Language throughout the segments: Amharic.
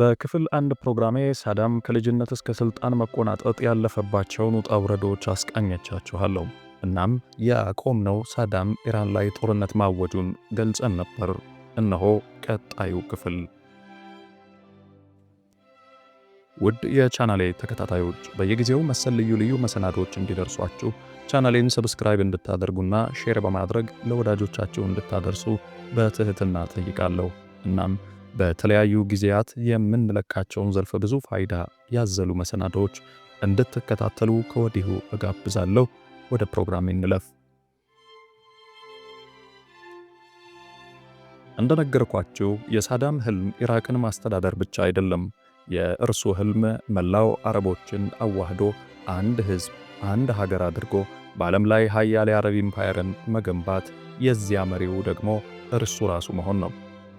በክፍል አንድ ፕሮግራሜ ሳዳም ከልጅነት እስከ ስልጣን መቆናጠጥ ያለፈባቸውን ውጣ ውረዶች አስቃኘቻችኋለሁ። እናም ያቆምነው ሳዳም ኢራን ላይ ጦርነት ማወጁን ገልጸን ነበር። እነሆ ቀጣዩ ክፍል። ውድ የቻናሌ ተከታታዮች በየጊዜው መሰል ልዩ ልዩ መሰናዶዎች እንዲደርሷችሁ ቻናሌን ሰብስክራይብ እንድታደርጉና ሼር በማድረግ ለወዳጆቻችሁ እንድታደርሱ በትህትና ጠይቃለሁ። እናም በተለያዩ ጊዜያት የምንለካቸውን ዘርፈ ብዙ ፋይዳ ያዘሉ መሰናዶዎች እንድትከታተሉ ከወዲሁ እጋብዛለሁ። ወደ ፕሮግራም እንለፍ። እንደነገርኳችሁ የሳዳም ህልም ኢራቅን ማስተዳደር ብቻ አይደለም። የእርሱ ህልም መላው አረቦችን አዋህዶ አንድ ህዝብ፣ አንድ ሀገር አድርጎ በዓለም ላይ ሀያሌ አረብ ኢምፓየርን መገንባት፣ የዚያ መሪው ደግሞ እርሱ ራሱ መሆን ነው።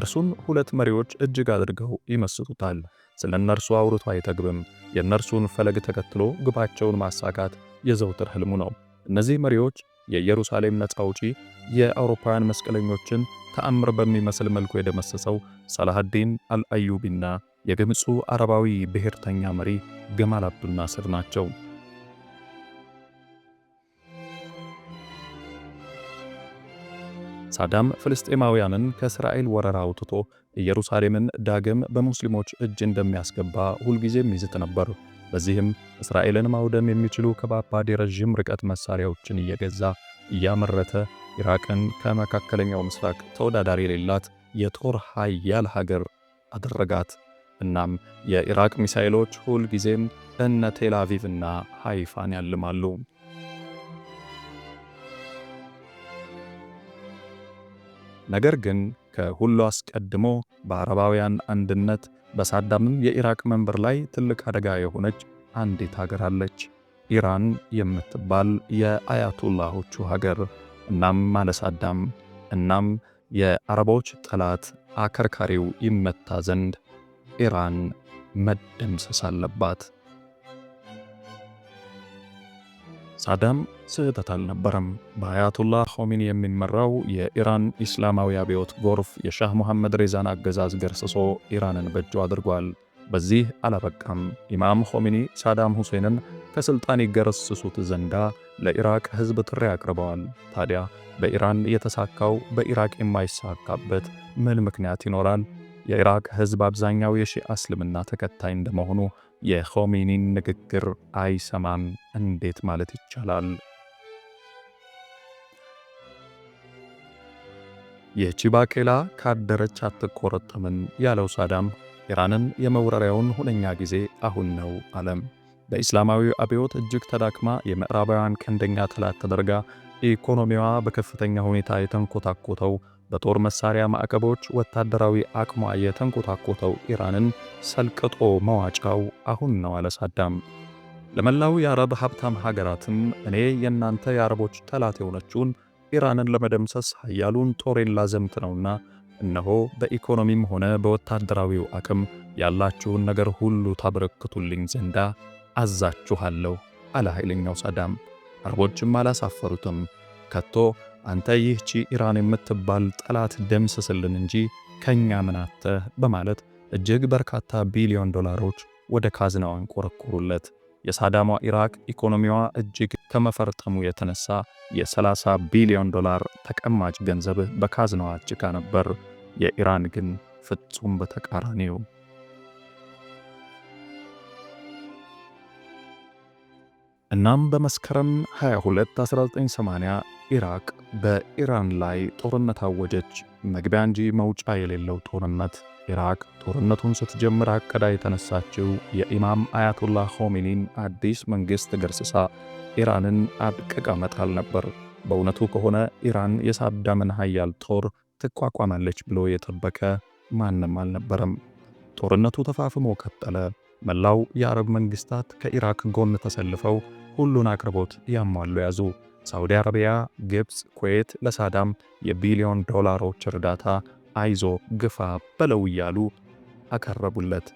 እርሱን ሁለት መሪዎች እጅግ አድርገው ይመስጡታል። ስለ እነርሱ አውርቶ አይጠግብም። የእነርሱን ፈለግ ተከትሎ ግባቸውን ማሳካት የዘውትር ህልሙ ነው። እነዚህ መሪዎች የኢየሩሳሌም ነፃ አውጪ የአውሮፓውያን መስቀለኞችን ተአምር በሚመስል መልኩ የደመሰሰው ሰላሃዲን አልአዩቢና የግብፁ አረባዊ ብሔርተኛ መሪ ገማል አብዱል ናቸው። ሳዳም ፍልስጤማውያንን ከእስራኤል ወረራ አውጥቶ ኢየሩሳሌምን ዳግም በሙስሊሞች እጅ እንደሚያስገባ ሁልጊዜም ይዝት ነበር። በዚህም እስራኤልን ማውደም የሚችሉ ከባባድ የረዥም ርቀት መሳሪያዎችን እየገዛ እያመረተ ኢራቅን ከመካከለኛው ምስራቅ ተወዳዳሪ የሌላት የጦር ኃያል ሀገር አደረጋት። እናም የኢራቅ ሚሳኤሎች ሁል ጊዜም እነ ቴል እና ሃይፋን ያልማሉ። ነገር ግን ከሁሉ አስቀድሞ በአረባውያን አንድነት በሳዳምም የኢራቅ መንበር ላይ ትልቅ አደጋ የሆነች አንዲት ሀገር አለች፣ ኢራን የምትባል የአያቱላሆቹ ሀገር። እናም ማለሳዳም እናም የአረቦች ጠላት አከርካሪው ይመታ ዘንድ ኢራን መደምሰስ አለባት። ሳዳም ስህተት አልነበረም። በአያቱላህ ሆሚኒ የሚመራው የኢራን ኢስላማዊ አብዮት ጎርፍ የሻህ መሐመድ ሬዛን አገዛዝ ገርስሶ ኢራንን በእጁ አድርጓል። በዚህ አላበቃም። ኢማም ሆሚኒ ሳዳም ሁሴንን ከሥልጣን ይገረስሱት ዘንዳ ለኢራቅ ሕዝብ ጥሪ አቅርበዋል። ታዲያ በኢራን የተሳካው በኢራቅ የማይሳካበት ምን ምክንያት ይኖራል? የኢራቅ ሕዝብ አብዛኛው የሺአ እስልምና ተከታይ እንደመሆኑ የኾሜኒን ንግግር አይሰማም እንዴት ማለት ይቻላል? የቺባኬላ ካደረች አትቆረጥምን ያለው ሳዳም ኢራንን የመውረሪያውን ሁነኛ ጊዜ አሁን ነው አለም። በኢስላማዊ አብዮት እጅግ ተዳክማ የምዕራባውያን ቀንደኛ ጠላት ተደርጋ ኢኮኖሚዋ በከፍተኛ ሁኔታ የተንኮታኮተው በጦር መሳሪያ ማዕቀቦች ወታደራዊ አቅሟ የተንኮታኮተው ኢራንን ሰልቅጦ መዋጫው አሁን ነው አለ ሳዳም። ለመላው የአረብ ሀብታም ሀገራትም እኔ የእናንተ የአረቦች ጠላት የሆነችውን ኢራንን ለመደምሰስ ኃያሉን ጦሬን ላዘምት ነውና እነሆ በኢኮኖሚም ሆነ በወታደራዊው አቅም ያላችሁን ነገር ሁሉ ታበረክቱልኝ ዘንዳ አዛችኋለሁ አለ ኃይለኛው ሳዳም። አረቦችም አላሳፈሩትም ከቶ አንተ ይህቺ ኢራን የምትባል ጠላት ደምስስልን እንጂ ከኛ ምናተህ በማለት እጅግ በርካታ ቢሊዮን ዶላሮች ወደ ካዝናው አንቆረቆሩለት። የሳዳሟ ኢራቅ ኢኮኖሚዋ እጅግ ከመፈርጠሙ የተነሳ የ30 ቢሊዮን ዶላር ተቀማጭ ገንዘብ በካዝናዋ አጅጋ ነበር። የኢራን ግን ፍጹም በተቃራኒው። እናም በመስከረም 22 1980 ኢራቅ በኢራን ላይ ጦርነት አወጀች። መግቢያ እንጂ መውጫ የሌለው ጦርነት። ኢራቅ ጦርነቱን ስትጀምር አቅዳ የተነሳችው የኢማም አያቱላህ ሆሜኒን አዲስ መንግሥት ገርስሳ ኢራንን አድቅቃ መጣል ነበር። በእውነቱ ከሆነ ኢራን የሳዳምን ኃያል ጦር ትቋቋማለች ብሎ የጠበቀ ማንም አልነበረም። ጦርነቱ ተፋፍሞ ቀጠለ። መላው የአረብ መንግሥታት ከኢራክ ጎን ተሰልፈው ሁሉን አቅርቦት ያሟሉ ያዙ። ሳዑዲ አረቢያ፣ ግብፅ፣ ኩዌት ለሳዳም የቢሊዮን ዶላሮች እርዳታ አይዞ ግፋ በለው እያሉ አቀረቡለት።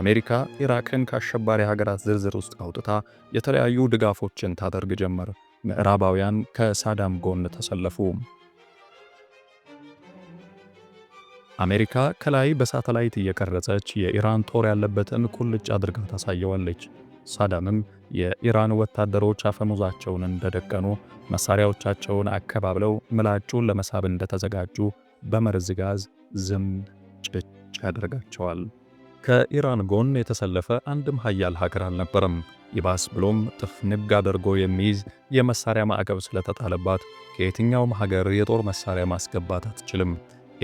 አሜሪካ ኢራቅን ከአሸባሪ ሀገራት ዝርዝር ውስጥ አውጥታ የተለያዩ ድጋፎችን ታደርግ ጀመር። ምዕራባውያን ከሳዳም ጎን ተሰለፉ። አሜሪካ ከላይ በሳተላይት እየቀረጸች የኢራን ጦር ያለበትን ኩልጭ አድርጋ ታሳየዋለች። ሳዳምም የኢራን ወታደሮች አፈሙዛቸውን እንደደቀኑ መሳሪያዎቻቸውን አከባብለው ምላጩን ለመሳብ እንደተዘጋጁ በመርዝ ጋዝ ዝም ጭጭ ያደርጋቸዋል። ከኢራን ጎን የተሰለፈ አንድም ሀያል ሀገር አልነበረም። ይባስ ብሎም ጥፍንግ አድርጎ የሚይዝ የመሳሪያ ማዕቀብ ስለተጣለባት ከየትኛውም ሀገር የጦር መሳሪያ ማስገባት አትችልም።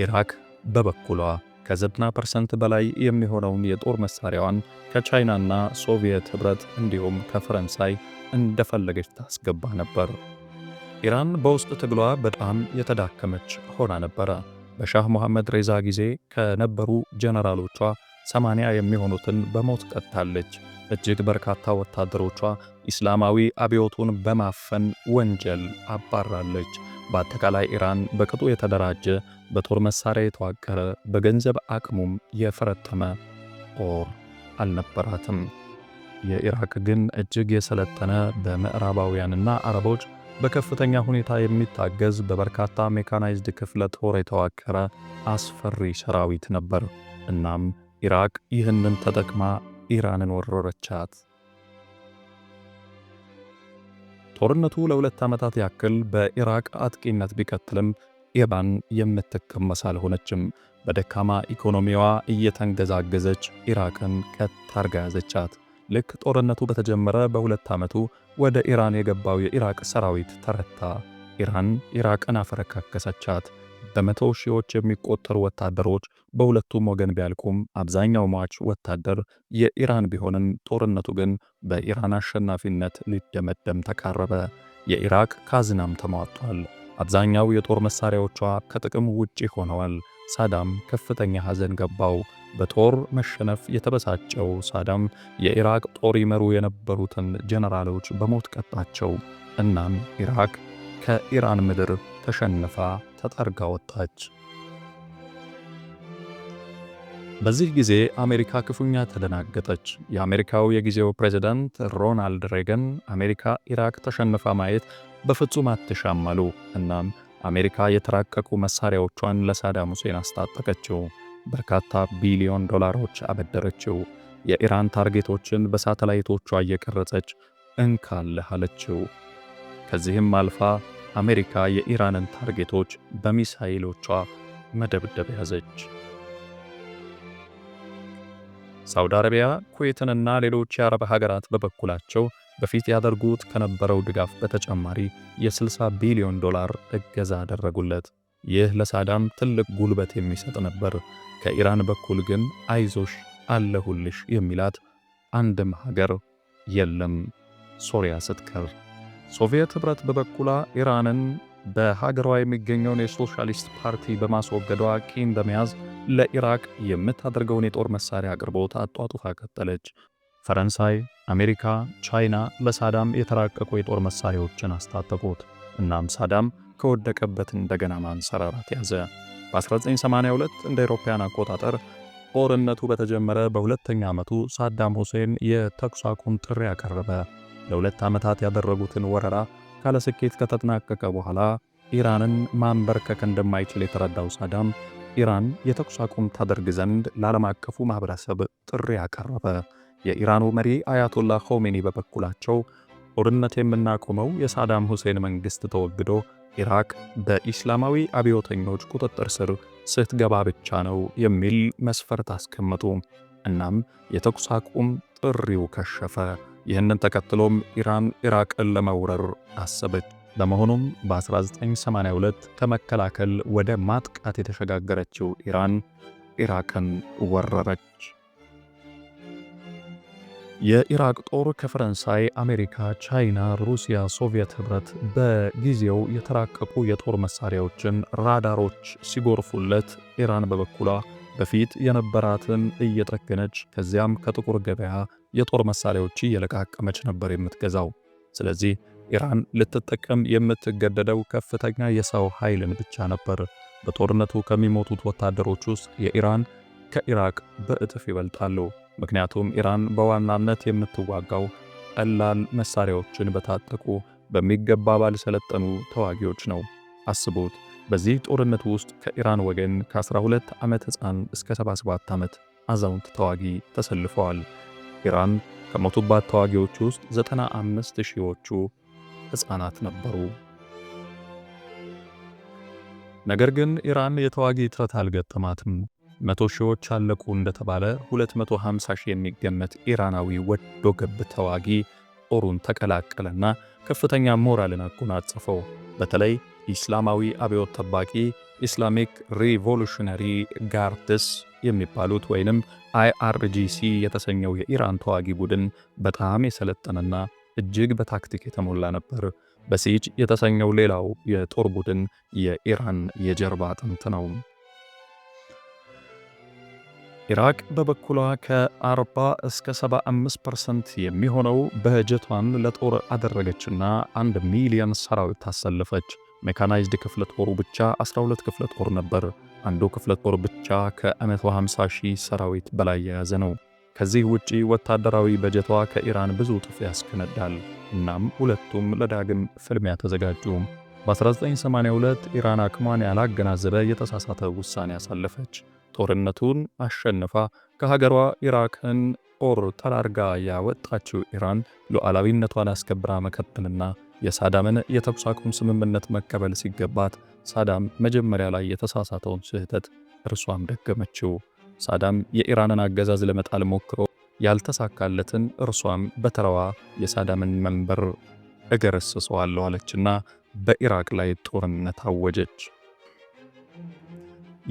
ኢራክ በበኩሏ ከ90% በላይ የሚሆነውን የጦር መሳሪያዋን ከቻይናና ሶቪየት ኅብረት እንዲሁም ከፈረንሳይ እንደፈለገች ታስገባ ነበር። ኢራን በውስጥ ትግሏ በጣም የተዳከመች ሆና ነበረ። በሻህ መሐመድ ሬዛ ጊዜ ከነበሩ ጀነራሎቿ 80 የሚሆኑትን በሞት ቀጥታለች። እጅግ በርካታ ወታደሮቿ ኢስላማዊ አብዮቱን በማፈን ወንጀል አባራለች። በአጠቃላይ ኢራን በቅጡ የተደራጀ በጦር መሳሪያ የተዋቀረ በገንዘብ አቅሙም የፈረተመ ጦር አልነበራትም። የኢራቅ ግን እጅግ የሰለጠነ በምዕራባውያንና አረቦች በከፍተኛ ሁኔታ የሚታገዝ በበርካታ ሜካናይዝድ ክፍለ ጦር የተዋቀረ አስፈሪ ሰራዊት ነበር። እናም ኢራቅ ይህንን ተጠቅማ ኢራንን ወረረቻት። ጦርነቱ ለሁለት ዓመታት ያክል በኢራቅ አጥቂነት ቢቀጥልም ኢራን የምትቀመስ ሳልሆነችም በደካማ ኢኮኖሚዋ እየተንገዛገዘች ኢራቅን ቀጥ አርጋ ያዘቻት። ልክ ጦርነቱ በተጀመረ በሁለት ዓመቱ ወደ ኢራን የገባው የኢራቅ ሰራዊት ተረታ። ኢራን ኢራቅን አፈረካከሰቻት። በመቶ ሺዎች የሚቆጠሩ ወታደሮች በሁለቱም ወገን ቢያልቁም አብዛኛው ሟች ወታደር የኢራን ቢሆንም ጦርነቱ ግን በኢራን አሸናፊነት ሊደመደም ተቃረበ። የኢራቅ ካዝናም ተሟጧል። አብዛኛው የጦር መሳሪያዎቿ ከጥቅም ውጪ ሆነዋል። ሳዳም ከፍተኛ ሐዘን ገባው። በጦር መሸነፍ የተበሳጨው ሳዳም የኢራቅ ጦር ይመሩ የነበሩትን ጀነራሎች በሞት ቀጣቸው። እናም ኢራቅ ከኢራን ምድር ተሸንፋ ተጠርጋ ወጣች። በዚህ ጊዜ አሜሪካ ክፉኛ ተደናገጠች። የአሜሪካው የጊዜው ፕሬዝዳንት ሮናልድ ሬገን አሜሪካ ኢራቅ ተሸንፋ ማየት በፍጹም አትሻም አሉ። እናም አሜሪካ የተራቀቁ መሳሪያዎቿን ለሳዳም ሁሴን አስታጠቀችው። በርካታ ቢሊዮን ዶላሮች አበደረችው። የኢራን ታርጌቶችን በሳተላይቶቿ እየቀረጸች እንካለህ አለችው። ከዚህም አልፋ አሜሪካ የኢራንን ታርጌቶች በሚሳይሎቿ መደብደብ ያዘች። ሳውዲ አረቢያ፣ ኩዌትንና ሌሎች የአረብ ሀገራት በበኩላቸው በፊት ያደርጉት ከነበረው ድጋፍ በተጨማሪ የ60 ቢሊዮን ዶላር እገዛ አደረጉለት። ይህ ለሳዳም ትልቅ ጉልበት የሚሰጥ ነበር። ከኢራን በኩል ግን አይዞሽ አለሁልሽ የሚላት አንድም ሀገር የለም ሶሪያ ስትቀር። ሶቪየት ኅብረት በበኩሏ ኢራንን በሀገሯ የሚገኘውን የሶሻሊስት ፓርቲ በማስወገዷ ቂም በመያዝ ለኢራቅ የምታደርገውን የጦር መሳሪያ አቅርቦት አጧጡፋ ቀጠለች። ፈረንሳይ፣ አሜሪካ፣ ቻይና ለሳዳም የተራቀቁ የጦር መሳሪያዎችን አስታጠቁት። እናም ሳዳም ከወደቀበት እንደገና ማንሰራራት ያዘ። በ1982 እንደ አውሮፓውያን አቆጣጠር ጦርነቱ በተጀመረ በሁለተኛ ዓመቱ ሳዳም ሁሴን የተኩስ አቁም ጥሪ አቀረበ። ለሁለት ዓመታት ያደረጉትን ወረራ ካለ ስኬት ከተጠናቀቀ በኋላ ኢራንን ማንበርከክ እንደማይችል የተረዳው ሳዳም ኢራን የተኩስ አቁም ታደርግ ዘንድ ለዓለም አቀፉ ማህበረሰብ ጥሪ አቀረበ። የኢራኑ መሪ አያቶላ ሆሜኒ በበኩላቸው ጦርነት የምናቆመው የሳዳም ሁሴን መንግሥት ተወግዶ ኢራቅ በኢስላማዊ አብዮተኞች ቁጥጥር ስር ስትገባ ብቻ ነው የሚል መስፈርት አስቀመጡ። እናም የተኩስ አቁም ጥሪው ከሸፈ። ይህንን ተከትሎም ኢራን ኢራቅን ለመውረር አሰበች። በመሆኑም በ1982 ከመከላከል ወደ ማጥቃት የተሸጋገረችው ኢራን ኢራቅን ወረረች። የኢራቅ ጦር ከፈረንሳይ፣ አሜሪካ፣ ቻይና፣ ሩሲያ፣ ሶቪየት ኅብረት በጊዜው የተራቀቁ የጦር መሳሪያዎችን፣ ራዳሮች ሲጎርፉለት ኢራን በበኩሏ በፊት የነበራትን እየጠገነች ከዚያም ከጥቁር ገበያ የጦር መሳሪያዎች እየለቃቀመች ነበር የምትገዛው። ስለዚህ ኢራን ልትጠቀም የምትገደደው ከፍተኛ የሰው ኃይልን ብቻ ነበር። በጦርነቱ ከሚሞቱት ወታደሮች ውስጥ የኢራን ከኢራቅ በእጥፍ ይበልጣሉ። ምክንያቱም ኢራን በዋናነት የምትዋጋው ቀላል መሳሪያዎችን በታጠቁ በሚገባ ባልሰለጠኑ ተዋጊዎች ነው። አስቡት። በዚህ ጦርነት ውስጥ ከኢራን ወገን ከ12 ዓመት ሕፃን እስከ 77 ዓመት አዛውንት ተዋጊ ተሰልፈዋል። ኢራን ከሞቱባት ተዋጊዎች ውስጥ 95 ሺዎቹ ሕፃናት ነበሩ። ነገር ግን ኢራን የተዋጊ እጥረት አልገጠማትም። መቶ ሺዎች አለቁ እንደተባለ 250 ሺህ የሚገመት ኢራናዊ ወዶ ገብ ተዋጊ ጦሩን ተቀላቀለና ከፍተኛ ሞራልን አጎናጸፈው። በተለይ ኢስላማዊ አብዮት ጠባቂ ኢስላሚክ ሪቮሉሽነሪ ጋርድስ የሚባሉት ወይንም አይአርጂሲ የተሰኘው የኢራን ተዋጊ ቡድን በጣም የሰለጠነና እጅግ በታክቲክ የተሞላ ነበር። በሲጅ የተሰኘው ሌላው የጦር ቡድን የኢራን የጀርባ አጥንት ነው። ኢራቅ በበኩሏ ከ40 እስከ 75% የሚሆነው በጀቷን ለጦር አደረገችና 1 ሚሊዮን ሰራዊት ታሰለፈች። ሜካናይዝድ ክፍለ ጦሩ ብቻ 12 ክፍለ ጦር ነበር። አንዱ ክፍለ ጦር ብቻ ከ150 ሺህ ሰራዊት በላይ የያዘ ነው። ከዚህ ውጪ ወታደራዊ በጀቷ ከኢራን ብዙ ጥፍ ያስከነዳል። እናም ሁለቱም ለዳግም ፍልሚያ ተዘጋጁ። በ1982 ኢራን አቅሟን ያላገናዘበ የተሳሳተ ውሳኔ አሳለፈች። ጦርነቱን አሸንፋ ከሀገሯ ኢራቅን ጦር ተራርጋ ያወጣችው ኢራን ሉዓላዊነቷን አስከብራ መከተልና የሳዳምን የተኩስ አቁም ስምምነት መቀበል ሲገባት ሳዳም መጀመሪያ ላይ የተሳሳተውን ስህተት እርሷም ደገመችው። ሳዳም የኢራንን አገዛዝ ለመጣል ሞክሮ ያልተሳካለትን እርሷም በተራዋ የሳዳምን መንበር እገረስሰዋለሁ አለችና በኢራቅ ላይ ጦርነት አወጀች።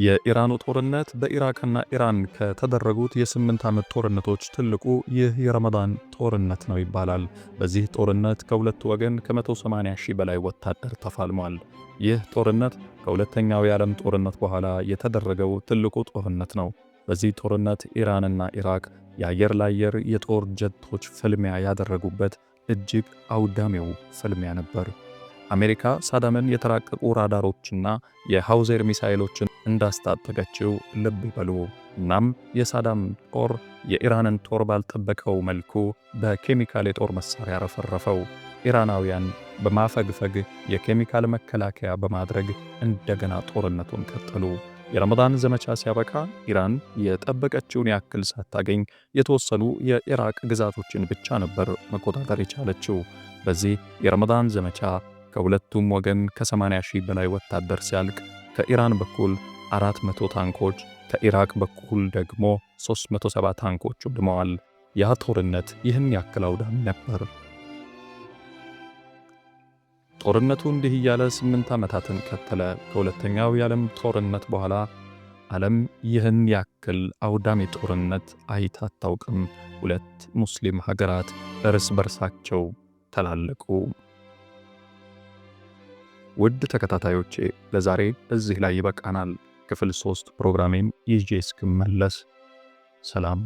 የኢራኑ ጦርነት በኢራቅና ኢራን ከተደረጉት የስምንት ዓመት ጦርነቶች ትልቁ ይህ የረመዳን ጦርነት ነው ይባላል። በዚህ ጦርነት ከሁለቱ ወገን ከ180 ሺህ በላይ ወታደር ተፋልሟል። ይህ ጦርነት ከሁለተኛው የዓለም ጦርነት በኋላ የተደረገው ትልቁ ጦርነት ነው። በዚህ ጦርነት ኢራንና ኢራቅ የአየር ለአየር የጦር ጀቶች ፍልሚያ ያደረጉበት እጅግ አውዳሚው ፍልሚያ ነበር። አሜሪካ ሳዳምን የተራቀቁ ራዳሮችና የሃውዘር ሚሳይሎችን እንዳስታጠቀችው ልብ ይበሉ። እናም የሳዳም ጦር የኢራንን ጦር ባልጠበቀው መልኩ በኬሚካል የጦር መሳሪያ ረፈረፈው። ኢራናውያን በማፈግፈግ የኬሚካል መከላከያ በማድረግ እንደገና ጦርነቱን ቀጠሉ። የረመዳን ዘመቻ ሲያበቃ ኢራን የጠበቀችውን ያክል ሳታገኝ የተወሰኑ የኢራቅ ግዛቶችን ብቻ ነበር መቆጣጠር የቻለችው። በዚህ የረመዳን ዘመቻ ከሁለቱም ወገን ከ80 ሺህ በላይ ወታደር ሲያልቅ ከኢራን በኩል 400 ታንኮች፣ ከኢራቅ በኩል ደግሞ 370 ታንኮች ወድመዋል። ያ ጦርነት ይህን ያክል አውዳሚ ነበር። ጦርነቱ እንዲህ እያለ ስምንት ዓመታትን ቀጠለ። ከሁለተኛው የዓለም ጦርነት በኋላ ዓለም ይህን ያክል አውዳሚ ጦርነት አይታ አታውቅም። ሁለት ሙስሊም ሀገራት እርስ በርሳቸው ተላለቁ። ውድ ተከታታዮቼ ለዛሬ እዚህ ላይ ይበቃናል። ክፍል ሶስት ፕሮግራሜም ይዤ እስክመለስ ሰላም